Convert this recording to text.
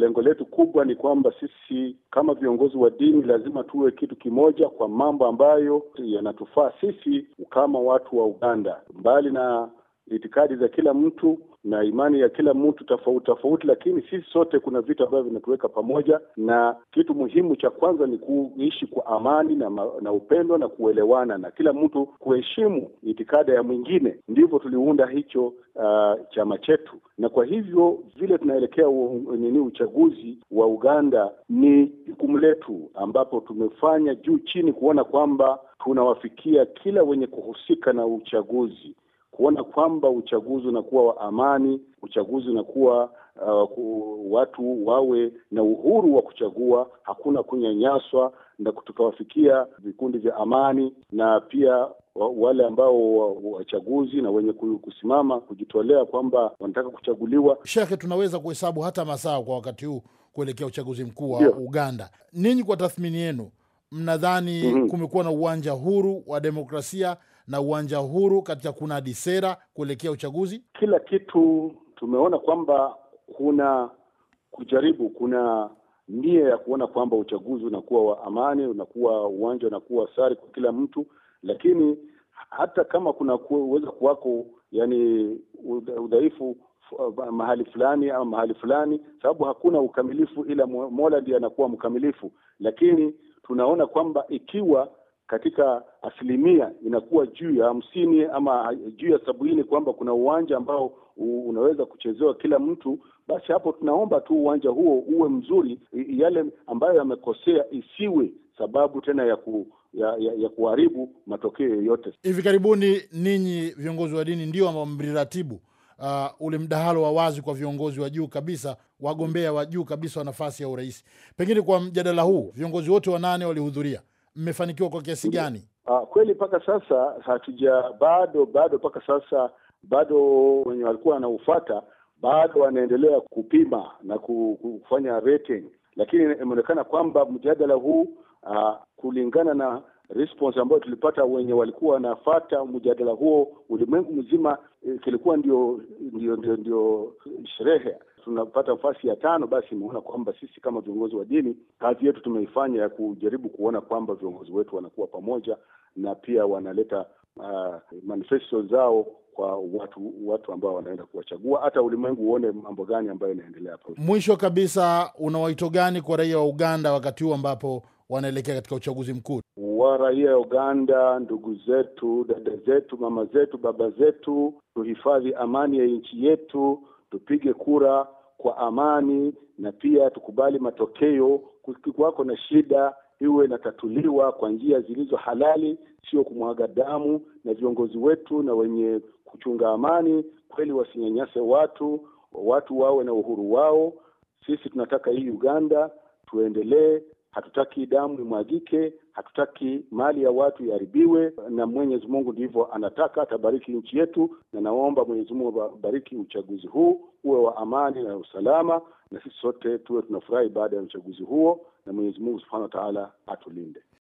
lengo letu kubwa ni kwamba sisi kama viongozi wa dini lazima tuwe kitu kimoja kwa mambo ambayo yanatufaa sisi kama watu wa Uganda, mbali na itikadi za kila mtu na imani ya kila mtu tofauti tofauti, lakini sisi sote kuna vitu ambavyo vinatuweka pamoja, na kitu muhimu cha kwanza ni kuishi kwa amani na, ma, na upendo na kuelewana na kila mtu kuheshimu itikada ya mwingine. Ndivyo tuliunda hicho uh, chama chetu, na kwa hivyo vile tunaelekea nini uchaguzi wa Uganda, ni jukumu letu ambapo tumefanya juu chini kuona kwamba tunawafikia kila wenye kuhusika na uchaguzi kuona kwamba uchaguzi unakuwa wa amani, uchaguzi unakuwa uh, watu wawe na uhuru wa kuchagua, hakuna kunyanyaswa, na tukawafikia vikundi vya amani na pia wale ambao wachaguzi na wenye kusimama kujitolea kwamba wanataka kuchaguliwa. Shekhe, tunaweza kuhesabu hata masaa kwa wakati huu kuelekea uchaguzi mkuu wa Uganda. Ninyi kwa tathmini yenu mnadhani mm -hmm. kumekuwa na uwanja huru wa demokrasia na uwanja huru katika kunadi sera kuelekea uchaguzi? Kila kitu tumeona kwamba kuna kujaribu, kuna nia ya kuona kwamba uchaguzi unakuwa wa amani, unakuwa uwanja unakuwa sari kwa kila mtu, lakini hata kama kuna kuweza kuwako yani udhaifu mahali fulani ama mahali fulani, sababu hakuna ukamilifu, ila Mola ndiye anakuwa mkamilifu, lakini tunaona kwamba ikiwa katika asilimia inakuwa juu ya hamsini ama juu ya sabuini kwamba kuna uwanja ambao unaweza kuchezewa kila mtu, basi hapo tunaomba tu uwanja huo uwe mzuri, yale ambayo yamekosea isiwe sababu tena ya ku ya, ya, ya kuharibu matokeo yoyote. Hivi karibuni ninyi viongozi wa dini ndio ambao mliratibu uh, ule mdahalo wa wazi kwa viongozi wa juu kabisa, wagombea wa juu kabisa wa nafasi ya urais. Pengine kwa mjadala huu viongozi wote wanane walihudhuria, mmefanikiwa kwa kiasi gani? Uh, kweli mpaka sasa hatuja bado bado mpaka sasa bado wenye walikuwa wanaufata bado wanaendelea kupima na kufanya rating, lakini imeonekana kwamba mjadala huu uh, kulingana na response ambayo tulipata wenye walikuwa wanafata mjadala huo ulimwengu mzima, eh, kilikuwa ndio ndio ndio ndio sherehe. Tunapata nafasi ya tano, basi imeona kwamba sisi kama viongozi wa dini kazi yetu tumeifanya ya kujaribu kuona kwamba viongozi wetu wanakuwa pamoja na pia wanaleta uh, manifesto zao kwa watu watu ambao wanaenda kuwachagua, hata ulimwengu uone mambo gani ambayo inaendelea hapa. Mwisho kabisa, una waito gani kwa raia wa Uganda wakati huu ambapo wanaelekea katika uchaguzi mkuu? Wa raia ya Uganda, ndugu zetu, dada zetu, mama zetu, baba zetu, tuhifadhi amani ya nchi yetu, tupige kura kwa amani na pia tukubali matokeo. Kukiwako na shida iwe inatatuliwa kwa njia zilizo halali, sio kumwaga damu, na viongozi wetu na wenye kuchunga amani kweli wasinyanyase watu, watu wawe na uhuru wao. Sisi tunataka hii Uganda tuendelee Hatutaki damu imwagike, hatutaki mali ya watu iharibiwe, na Mwenyezi Mungu ndivyo anataka. Atabariki nchi yetu, na naomba Mwenyezi Mungu abariki uchaguzi huu uwe wa amani na usalama, na sisi sote tuwe tunafurahi baada ya uchaguzi huo, na Mwenyezi Mungu Subhanahu wa Ta'ala atulinde.